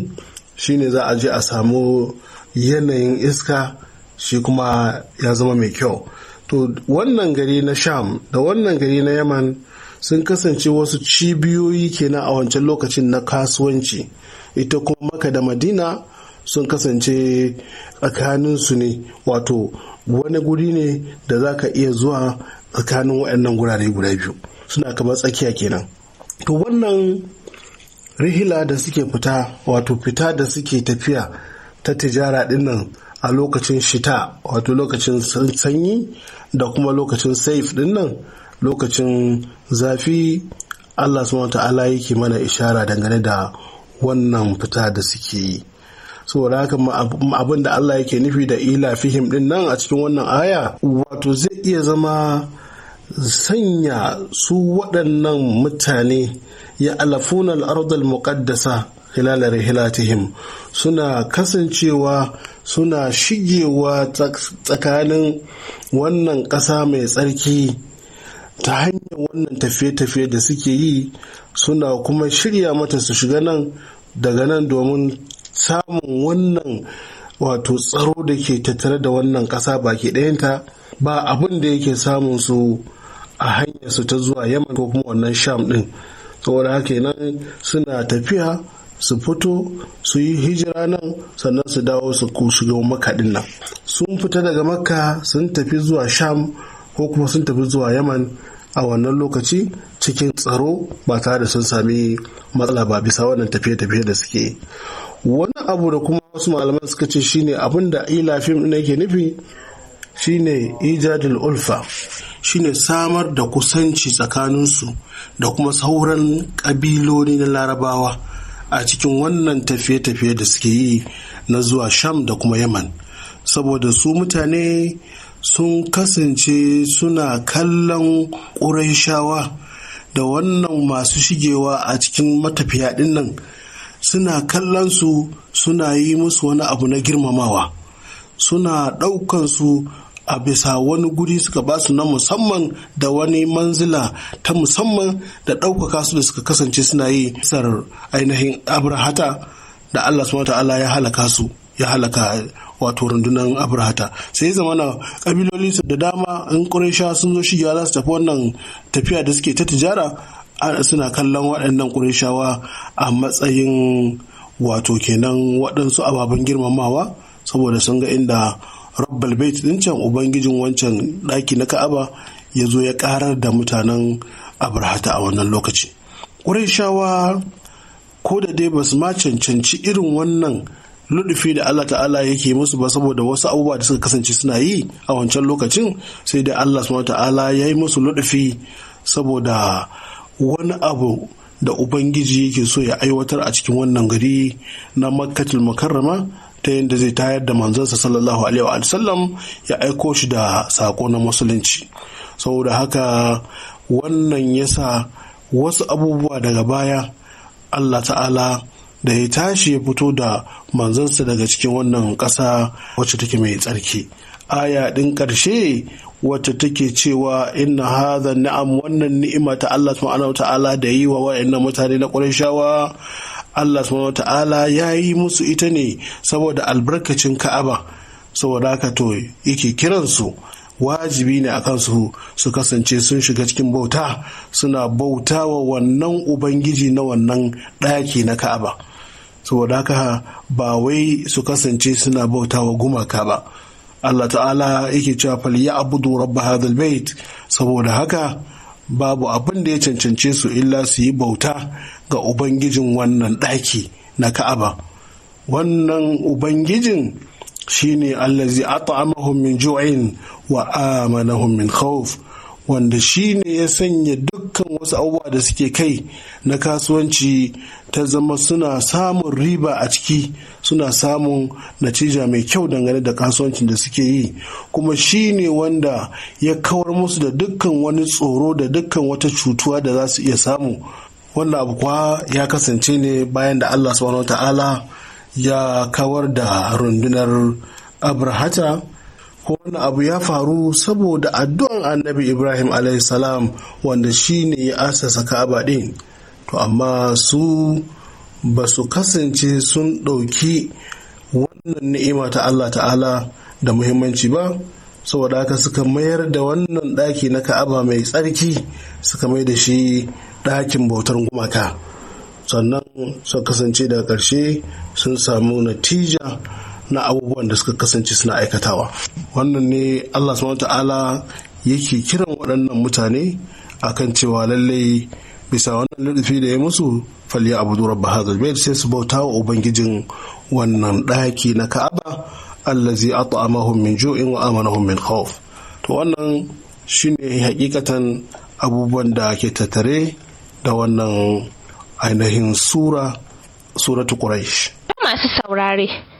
shine za a je a samu yanayin iska shi kuma ya zama mai kyau to wannan gari na sham da wannan gari na yaman sun kasance wasu cibiyoyi kenan a wancan lokacin na kasuwanci ita kuma maka da madina sun kasance tsakaninsu ne wato wani guri ne da za ka iya zuwa tsakanin waɗannan gurare guda biyu suna kamar tsakiya kenan to wannan rihila da suke fita wato fita da suke tafiya ta tijara dinnan a lokacin shita wato lokacin sanyi da kuma lokacin saif dinnan lokacin zafi allah subhanahu ta'ala yake mana ishara dangane da wannan fita da suke yi saboda haka abin da allah yake nufi da ila fihim din nan a cikin wannan aya wato zai iya zama sanya su waɗannan mutane ya alafuna muƙaddasa, muƙaddasa hilalar ta suna kasancewa suna shigewa tsakanin wannan ƙasa mai tsarki ta hanyar wannan tafiye-tafiye da suke yi suna kuma shirya mata su shiga nan daga nan domin samun wannan wato tsaro da ke tattare da wannan ƙasa baki ɗayanta ba abin da yake samun su a hanyar su ta zuwa yamma ko kuma wannan sham ɗin saboda haka nan suna tafiya su fito su yi hijira nan sannan su dawo su su makka din nan sun fita daga makka sun tafi zuwa sham ko kuma sun tafi zuwa yaman a wannan lokaci cikin tsaro ba tare da sun sami matsala ba bisa wannan tafiye-tafiye da suke wani abu da kuma wasu malaman suka ce shine abin da ila fim ɗin yake nufi shine ijadul ulfa shine samar da kusanci tsakaninsu da kuma sauran ƙabiloni na larabawa a cikin wannan tafiye-tafiye da suke yi na zuwa sham da kuma yaman saboda su mutane sun kasance suna kallon ƙuraishawa da wannan masu shigewa a cikin matafiya nan suna kallon su suna yi musu wani abu na girmamawa suna ɗaukansu a bisa wani guri suka ba su na musamman da wani manzila ta musamman da ɗaukaka su da suka kasance suna yi sar ainihin abrahata da allah subhanahu ta'ala ya halaka su ya halaka wato rundunar abrahata sai zama na kabiloli su da dama in ƙuresha sun zo shigewa za su tafi wannan tafiya da suke ta tijara suna kallon waɗannan kuraishawa a matsayin wato kenan waɗansu ababen girmamawa saboda sun ga inda rabbal bait din can ubangijin wancan ɗaki na ka'aba ya zo ya karar da mutanen abrahata a wannan lokaci shawa ko da dai basu ma cancanci irin wannan ludufi da Allah ta'ala yake musu ba saboda wasu abubuwa da suka kasance suna yi a wancan lokacin sai da Allah ta'ala ya yi musu ludufi saboda wani abu da ubangiji yake so ya aiwatar a cikin wannan gari na makkatul makarrama ta yadda zai tayar da manzansa sallallahu alaihi wa sallam ya aiko shi da sako na musulunci saboda haka wannan yasa wasu abubuwa daga baya Allah ta'ala da ya tashi ya fito da manzansa daga cikin wannan ƙasa wacce take mai tsarki aya ɗin ƙarshe wacce take cewa inna hadha ni'am wannan ni'ima ta Allah subhanahu ta'ala da yi wa wa'annan mutane na Qurayshawa Allah subhanahu ta'ala ya yi musu ita ne saboda albarkacin ka'aba saboda haka to yake kiransu wajibi ne a kansu su kasance sun shiga cikin bauta suna bauta wa wannan ubangiji na wannan ɗaki na ka'aba saboda haka ba wai su kasance suna bauta wa gumaka ba Allah ta'ala yake cewa fal ya abudu rabb hadal bait saboda haka babu abin da ya cancance su illa su yi bauta ga ubangijin wannan ɗaki na ka'aba wannan ubangijin shine allazi at'amahum min ju'in wa amanahum min khawf wanda shine ya sanya dukkan wasu abubuwa da suke kai na kasuwanci ta zama suna samun riba a ciki suna samun natija mai kyau dangane da kasuwancin da suke yi kuma shi ne wanda ya kawar musu da dukkan wani tsoro da dukkan wata cutuwa da za su iya samu wannan abu kuwa ya kasance ne bayan da allah subhanahu ta'ala ya kawar da rundunar abrahata ko wani abu ya faru saboda addu'an annabi ibrahim salam wanda shi ne ya asasa ka'aba din to amma su ba su kasance sun ɗauki wannan ni'ima ta Allah ta'ala da muhimmanci ba saboda haka suka mayar da wannan ɗaki na ka'aba mai tsarki suka mai da shi ɗakin bautar gumaka sannan suka kasance daga ƙarshe sun samu natija na abubuwan da suka kasance suna aikatawa wannan ne Allah subhanahu ta'ala yake kiran waɗannan mutane akan cewa lallai bisa wannan ludufi da ya musu abu zuwa ba hadhal bai sai su bauta wa ubangijin wannan ɗaki na Ka'aba allazi at'amahum min ju'in wa amanahum min khawf to wannan shine hakikatan abubuwan da ke tattare da wannan ainihin sura suratu quraish masu saurare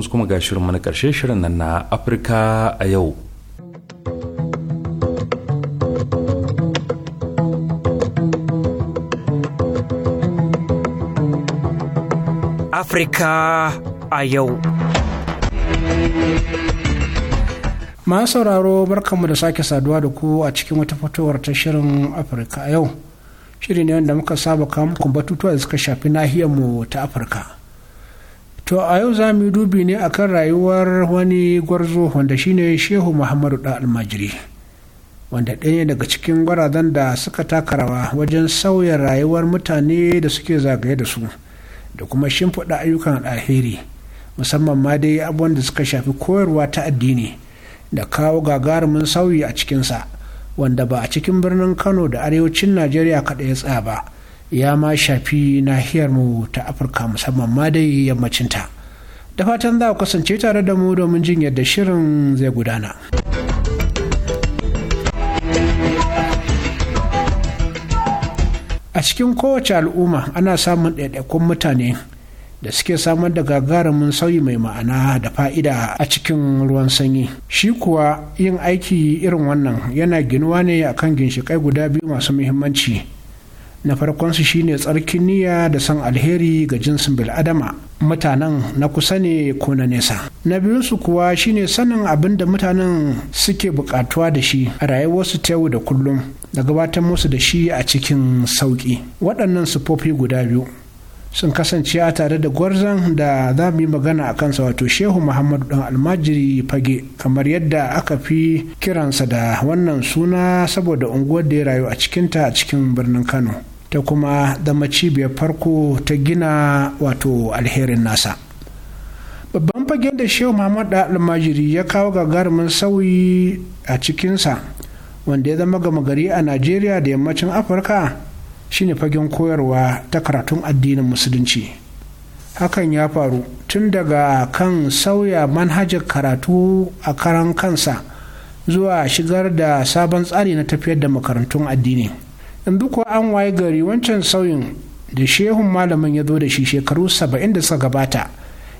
yanzu kuma ga shirin mana karshe shirin nan na afirka a yau afirka a yau masu sauraro barkanmu da sake saduwa da ku a cikin wata fitowar ta shirin afirka a yau shirin ne wanda muka saba kawo muku batutuwa da suka shafi nahiyarmu ta afirka to a yau za mu yi dubi ne akan rayuwar wani gwarzo wanda shine shehu muhammadu da almajiri wanda ɗaya daga cikin gwarazan da suka taka rawa wajen sauya rayuwar mutane da suke zagaye da su da kuma shimfiɗa ayyukan alheri musamman ma dai abubuwan da suka shafi koyarwa ta addini da kawo gagarumin sauyi a cikinsa wanda ba a cikin birnin kano da arewacin najeriya kaɗai ya tsaya ba ya ma shafi nahiyar mu ta afirka musamman ma dai yammacinta da fatan za ku kasance tare da mu domin jin yadda shirin zai gudana a cikin kowace al'umma ana samun ɗaiɗaikun mutane da suke samar da gagarumin sauyi mai ma'ana da fa'ida a cikin ruwan sanyi shi kuwa yin aiki irin wannan yana ginuwa ne akan ginshiƙai guda biyu masu muhimmanci na farkon su shine tsarkin niyya da san alheri ga jinsin bil'adama mutanen na kusa ne ko na nesa na biyunsu kuwa shine sanin abin da mutanen suke bukatuwa da shi a rayuwarsu ta yau da kullum da gabatar musu da shi a cikin sauƙi. waɗannan sufofi guda biyu sun kasance a tare da gwarzan da za mu yi magana a kansa wato shehu muhammadu dan almajiri fage kamar yadda aka fi kiransa da wannan suna saboda unguwar da ya rayu a cikinta a cikin birnin kano ta kuma zama cibiyar farko ta gina wato alherin nasa babban fagen da shehu muhammad almajiri ya kawo gagarumin sauyi a cikinsa wanda ya zama gama gari a najeriya da yammacin afirka shine fagen koyarwa ta karatun addinin musulunci hakan ya faru tun daga kan sauya manhajar karatu a karan kansa zuwa shigar da sabon tsari na tafiyar da makarantun addini. in kuwa an waye gari wancan sauyin da shehun malamin ya zo da shi shekaru saba'in da suka gabata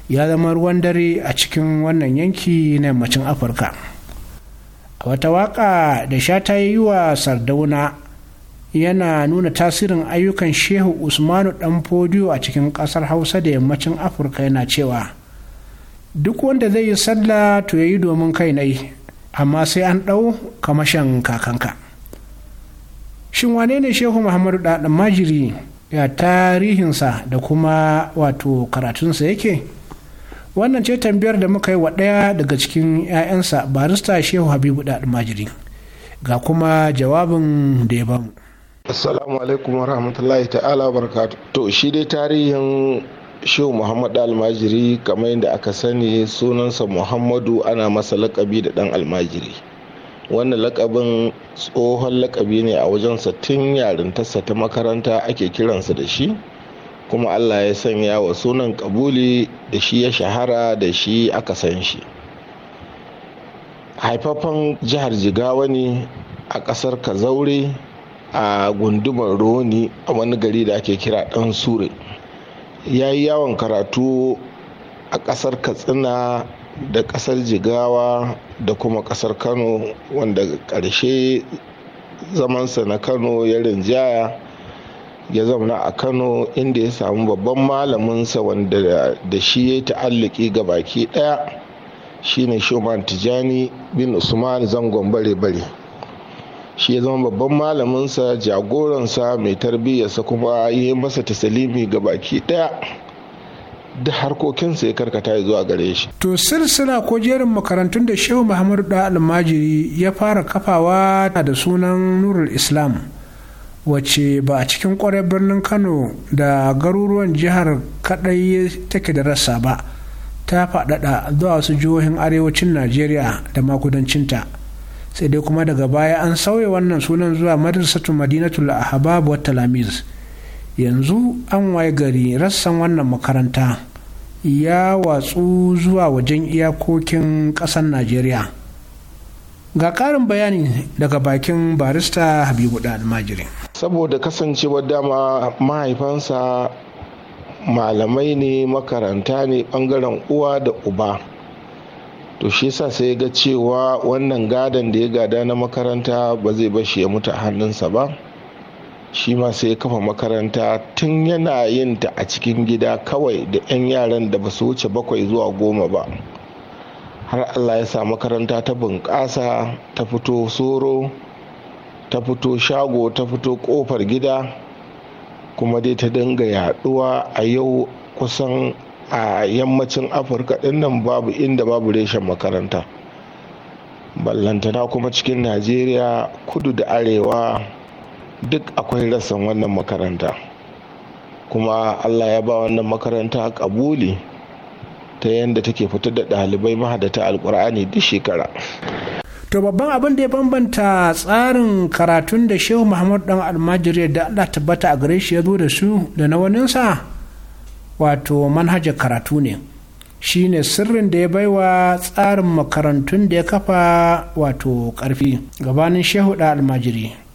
ya zama ruwan dare a cikin wannan yanki na yammacin afirka a wata waka da sha ta yi wa sardauna yana nuna tasirin ayyukan shehu usmanu dan fodiyo a cikin kasar hausa da yammacin afirka yana cewa duk wanda zai yi sallah to ya yi domin kai nai amma sai an ɗau kamashin kakanka shin wane ne shehu muhammadu ɗaɗan majiri ya tarihinsa da kuma wato karatunsa yake wannan ce tambayar da muka yi wa ɗaya daga cikin 'ya'yansa barista shehu habibu ɗaɗan majiri ga kuma jawabin da ya bamu assalamu alaikum wa rahmatullahi ta'ala barakatu to shi dai tarihin shehu muhammad almajiri kamar yadda aka sani sunansa muhammadu ana masa lakabi da ɗan almajiri wannan lakabin tsohon lakabi ne a wajensa tun yarintarsa ta makaranta ake kiransa da shi kuma allah ya sanya wa sunan kabuli da shi ya shahara da shi aka san shi haifafan jihar jigawa ne a ƙasar kazaure a gundumar roni a wani gari da ake kira ɗan sure ya yi yawon karatu a ƙasar katsina da kasar jigawa da kuma kasar kano wanda ƙarshe zamansa na kano ya rinjaya ya zauna a kano inda ya samu babban malaminsa wanda da shi ya ta'alliki ga baki ɗaya shine shoman tijani bin usman zangon bare-bare shi ya zama babban malaminsa jagoransa mai tarbiyyarsa kuma yi masa tasalimi ga baki ɗaya da harkokinsa ya karkata ya zuwa gare shi. To silsila ko jerin makarantun da Shehu Muhammadu da almajiri ya fara kafawa da sunan Nurul Islam wacce ba a cikin kwarai birnin Kano da garuruwan jihar kadai take da rasa ba ta faɗaɗa zuwa wasu jihohin arewacin Najeriya da makudancinta. sai dai kuma daga baya an sauya wannan sunan zuwa madrasatu madinatul ahbab wa talamiz yanzu an waye gari rassan wannan makaranta ya watsu zuwa wajen iyakokin ƙasar najeriya ga karin bayani daga bakin barista habibu da almajiri saboda kasancewar dama mahaifansa malamai ne makaranta ne bangaren uwa da uba to shi sa sai ga cewa wannan gadon da ya gada na makaranta ba zai bashi ya mutu a hannunsa ba shi ma sai ya kafa makaranta tun yana yin ta a cikin gida kawai da 'yan yaran da ba su wuce bakwai zuwa goma ba har allah ya sa makaranta ta bunƙasa ta fito soro ta fito shago ta fito ƙofar gida kuma dai ta dinga yaɗuwa a yau kusan a yammacin afirka dinnan babu inda babu reshen makaranta ballantana kuma cikin najeriya kudu da arewa duk akwai rassan wannan makaranta kuma allah ya ba wannan makaranta kabuli ta yadda take fitar da ɗalibai mahadata alkur'ani duk shekara to babban abin da ya bambanta tsarin karatun da shehu muhammadu dan almajiri da allah tabbata a gare shi ya zo da su da na waninsa wato manhajar karatu ne shine sirrin da ya baiwa tsarin makarantun da ya kafa wato karfi gabanin shehu da almajiri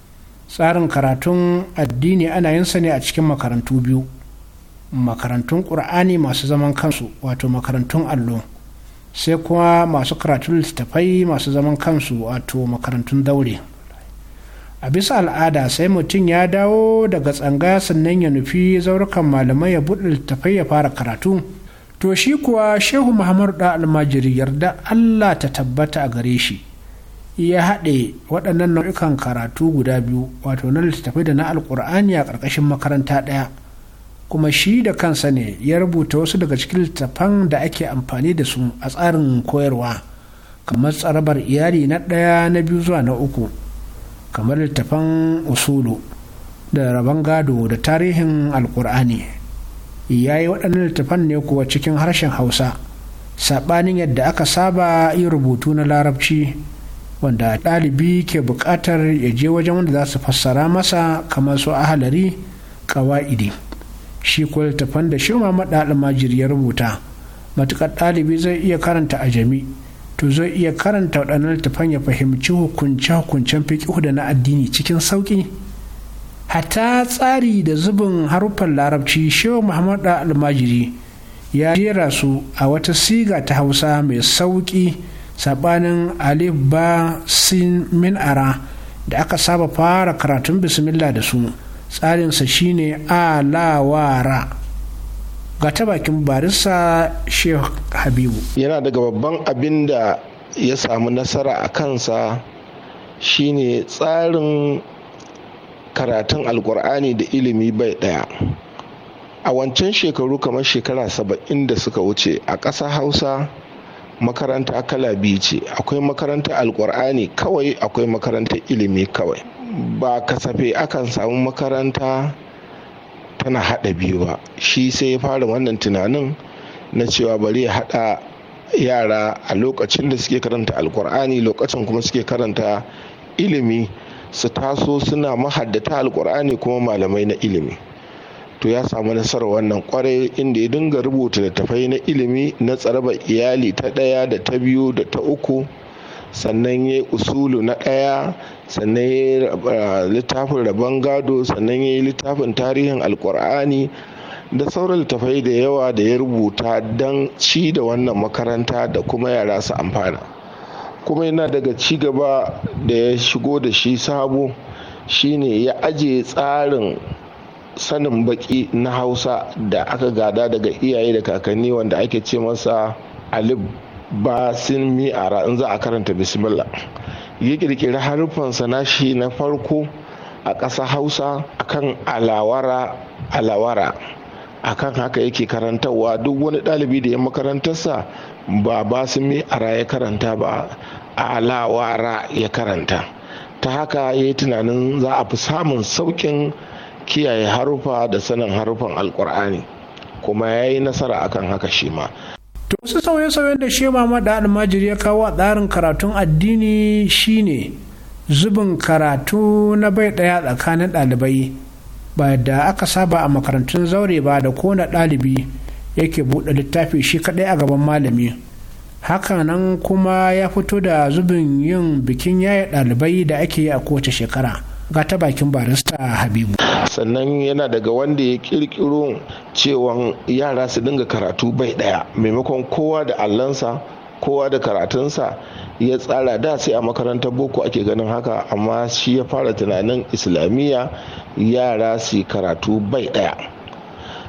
tsarin karatun addini ana yin sa ne a cikin makarantu biyu makarantun ƙur'ani masu zaman kansu wato makarantun allo sai kuma masu karatun littattafai masu zaman kansu wato makarantun daure a bisa al'ada sai mutum ya dawo daga tsanga sannan ya nufi zaurukan malamai ya buɗe littattafai ya fara karatu to shi kuwa shehu muhammadu da almajiri yarda allah ta tabbata a gare shi ya haɗe waɗannan nau'ikan karatu guda biyu wato na littattafai da na alkur'ani a ƙarƙashin makaranta ɗaya kuma shi da kansa ne ya rubuta wasu daga cikin littattafan da ake amfani da su a tsarin koyarwa kamar tsarabar iyali na ɗaya na biyu zuwa na uku kamar littattafan usulu da rabon gado da tarihin alkur'ani ya yi waɗannan littattafan ne kuwa cikin harshen hausa saɓanin yadda aka saba yin rubutu na larabci wanda ɗalibi ke buƙatar ya je wajen wanda za su fassara masa kamar su ahalari ƙawa'idi shi ko littafan da shirma maɗa almajiri ya rubuta matuƙar ɗalibi zai iya karanta a Jami. to zai iya karanta waɗannan littafan ya fahimci hukunce-hukuncen fiƙihu da na addini cikin sauƙi Hata tsari da zubin haruffan larabci shehu muhammad almajiri ya jera su a wata siga ta hausa mai sauƙi sabanin alif ba sin min ara da aka saba fara karatun bismillah da su tsarinsa shine alawara ga ta bakin barisa sheikh habibu yana daga babban abin da ya samu nasara a kansa shine tsarin karatun alkur'ani da ilimi bai daya a wancan shekaru kamar shekara saba'in da suka wuce a ƙasa hausa makaranta kala biyu ce akwai makaranta alkur'ani kawai akwai makarantar ilimi kawai ba kasafe akan samu makaranta tana haɗa biyu ba shi sai ya fara wannan tunanin na cewa bari ya haɗa yara a lokacin da suke karanta alkur'ani lokacin kuma suke karanta ilimi su taso suna mahaddata alkur'ani kuma malamai na ilimi to ya samu nasarar wannan kwarai inda ya dinga rubuta littattafai na ilimi na tsarabar iyali ta ɗaya da ta biyu da ta uku sannan ya yi usulu na ɗaya sannan ya yi ah, littafin rabon gado sannan ya yi littafin tarihin alkur'ani da sauran littattafai da yawa da ya rubuta don ci da wannan makaranta da kuma yara su amfana kuma yana daga ci gaba da ya shigo da shi sabo shine ya ajiye tsarin sanin baki na hausa da aka gada daga iyaye da kakanni wanda ake ce masa alif basin mi'ara in za a karanta bismillah ya kirkiri harufansa na shi na farko a ƙasa hausa akan alawara alawara akan haka yake karantarwa duk wani ɗalibi da ya makarantarsa ba mi mi'ara ya karanta ba alawara ya karanta ta haka ya yi tunanin za a fi samun sauƙin kiyaye harufa da sanin harufan alkur'ani kuma ya yi nasara akan haka shi ma to wasu sauye-sauyen da shi ma da almajiri ya kawo a tsarin karatun addini shine zubin karatu na bai ɗaya tsakanin ɗalibai ba da aka saba a makarantun zaure ba da kona ɗalibi yake buɗe littafi shi kaɗai a gaban malami hakanan kuma ya fito da zubin yin bikin yaya ɗalibai da ake yi a kowace shekara ga ta bakin barista habibu sannan yana daga wanda ya kirkiro cewa yara su dinga karatu bai daya maimakon kowa da allansa kowa da karatunsa ya tsara da sai a makarantar boko ake ganin haka amma shi ya fara tunanin islamiyya yara su karatu bai daya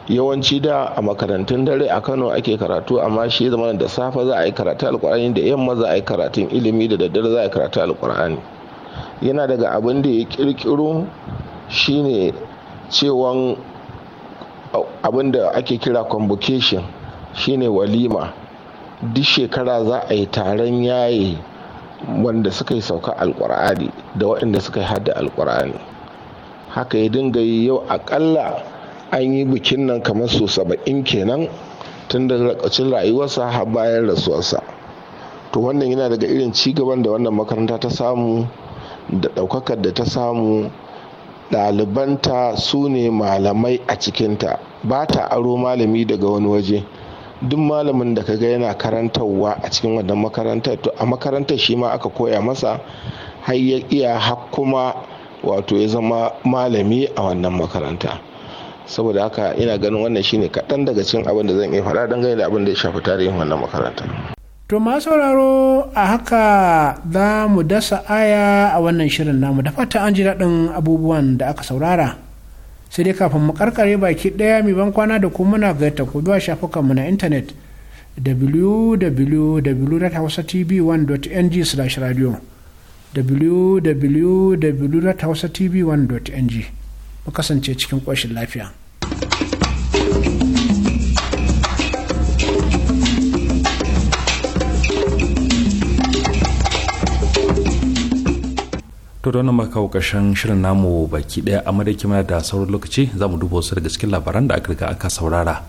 yawanci da a makarantun dare a kano ake karatu amma shi zama da safe za a yi karatu alkur'ani da yamma za a yi karatun ilimi da daddare za a yi karatu alkur'ani yana daga abin da ya kirkiro shine cewan abin da ake kira convocation shine walima duk shekara za a yi taron yaye wanda suka yi sauka alkur'ani da waɗanda suka yi hada alkur'ani haka ya dinga yi yau akalla an yi bikin nan kamar su saba'in kenan tun da lokacin rayuwarsa har bayan rasuwarsa to wannan yana daga irin cigaban da wannan makaranta ta samu da ɗaukakar da ta samu ɗalibanta su ne malamai a cikinta ba ta aro malami daga wani waje duk malamin da kaga yana karantarwa a cikin wannan makarantar to a makarantar shi ma aka koya masa har ya iya har kuma wato ya zama malami a wannan makaranta saboda haka ina ganin wannan shine kaɗan daga cikin abin da zan iya faɗa dangane da abin da ya shafi tarihin wannan makaranta To ma sauraro a haka za mu dasa aya a wannan shirin namu da fata an ji daɗin abubuwan da aka saurara. Sai dai kafin mu karkare baki ɗaya mai ban kwana da kuma muna gaita ku zuwa shafukanmu na intanet www.hausatv1.ng/radio www.hausatv1.ng mu kasance cikin ƙoshin lafiya. to da wannan makawo ƙarshen shirin namu baki ɗaya a madaki da sauran lokaci za mu duba wasu daga cikin labaran da aka riga aka saurara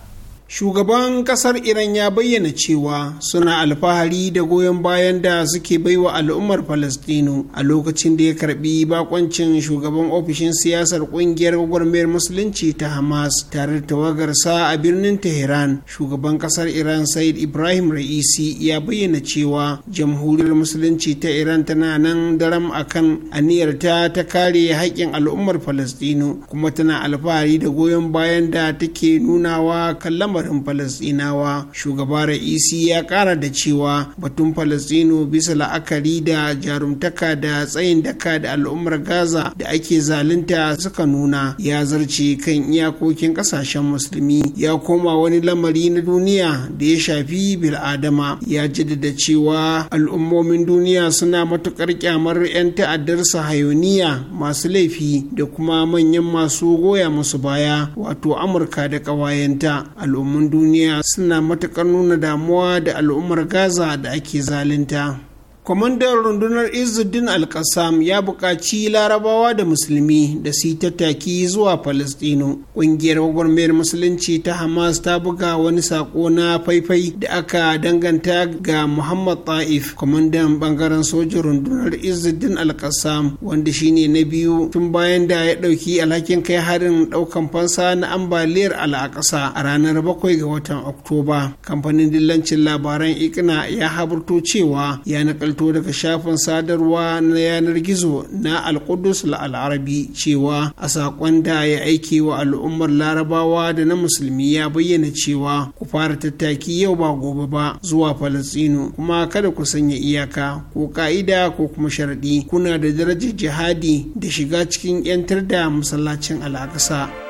shugaban kasar iran ya bayyana cewa suna alfahari da goyon bayan da suke baiwa al'ummar falastinu a lokacin da ya karbi bakoncin shugaban ofishin siyasar kungiyar gwagwarmayar musulunci ta hamas tare da tawagarsa a birnin tehran shugaban kasar iran said ibrahim ra'isi ya bayyana cewa jamhuriyar musulunci ta iran tana nan daram akan aniyarta ta kare haƙƙin al'ummar falastinu kuma tana alfahari da goyon bayan da take nunawa kallama. lamarin falasɗinawa shugaba ra'isi ya kara da cewa batun falasɗinu bisa la'akari da jarumtaka da tsayin daka da al'ummar gaza da ake zalunta suka nuna ya zarce kan iyakokin kasashen musulmi ya koma wani lamari na duniya da ya shafi bil'adama ya jaddada cewa al'ummomin duniya suna matukar kyamar 'yan ta'addar sahayoniya masu laifi da kuma manyan masu goya musu baya wato amurka da ƙawayenta al'umma domin duniya suna matuƙar nuna damuwa da al'ummar gaza da ake zalunta kwamandan rundunar izzuddin alkasam ya buƙaci larabawa da musulmi da su tattaki zuwa palestino ƙungiyar gwagwarmayar musulunci ta hamas ta buga wani saƙo na faifai da aka danganta ga muhammad ta'if kwamandan ɓangaren sojin rundunar izzuddin alkassam wanda shine na biyu tun bayan da ya ɗauki alhakin kai harin ɗaukan fansa na ambaliyar al'aƙasa a ranar bakwai ga watan oktoba kamfanin dillancin labaran ikna ya haburto cewa ya naƙal rawaito daga shafin sadarwa na yanar gizo na alkudus al'arabi cewa a sakon da ya aike wa al'ummar larabawa da na musulmi ya bayyana cewa ku fara tattaki yau ba gobe ba zuwa falastinu kuma kada ku sanya iyaka ko ka'ida ko kuma sharaɗi kuna da darajar jihadi da shiga cikin 'yantar da masallacin al'aqsa.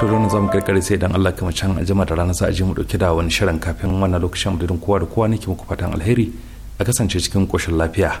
to na zamu karkare sai dan Allah kuma can ajima da rana sa aje mu dauki da wani shirin kafin wannan lokacin mu kowa da kowa nake muku fatan alheri a kasance cikin koshin lafiya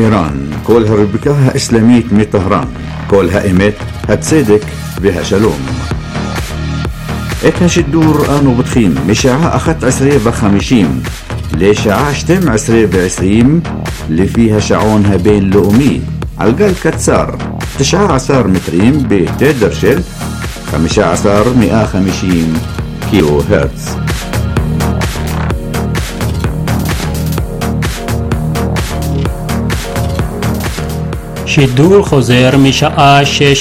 إيران كلها ربكاها إسلاميت من طهران كلها إيمت هتصدق بها شلوم إتها الدور آنو بتخيم مشاعة أخت عسرية بخمشيم لشاعة شتم عسرية بعسريم اللي فيها شعونها بين لؤمي عالقال كتسار تشعة عصار مترين بتدرشل خمشة عسار مئة خمشين كيلو هرتز שידור חוזר משעה שש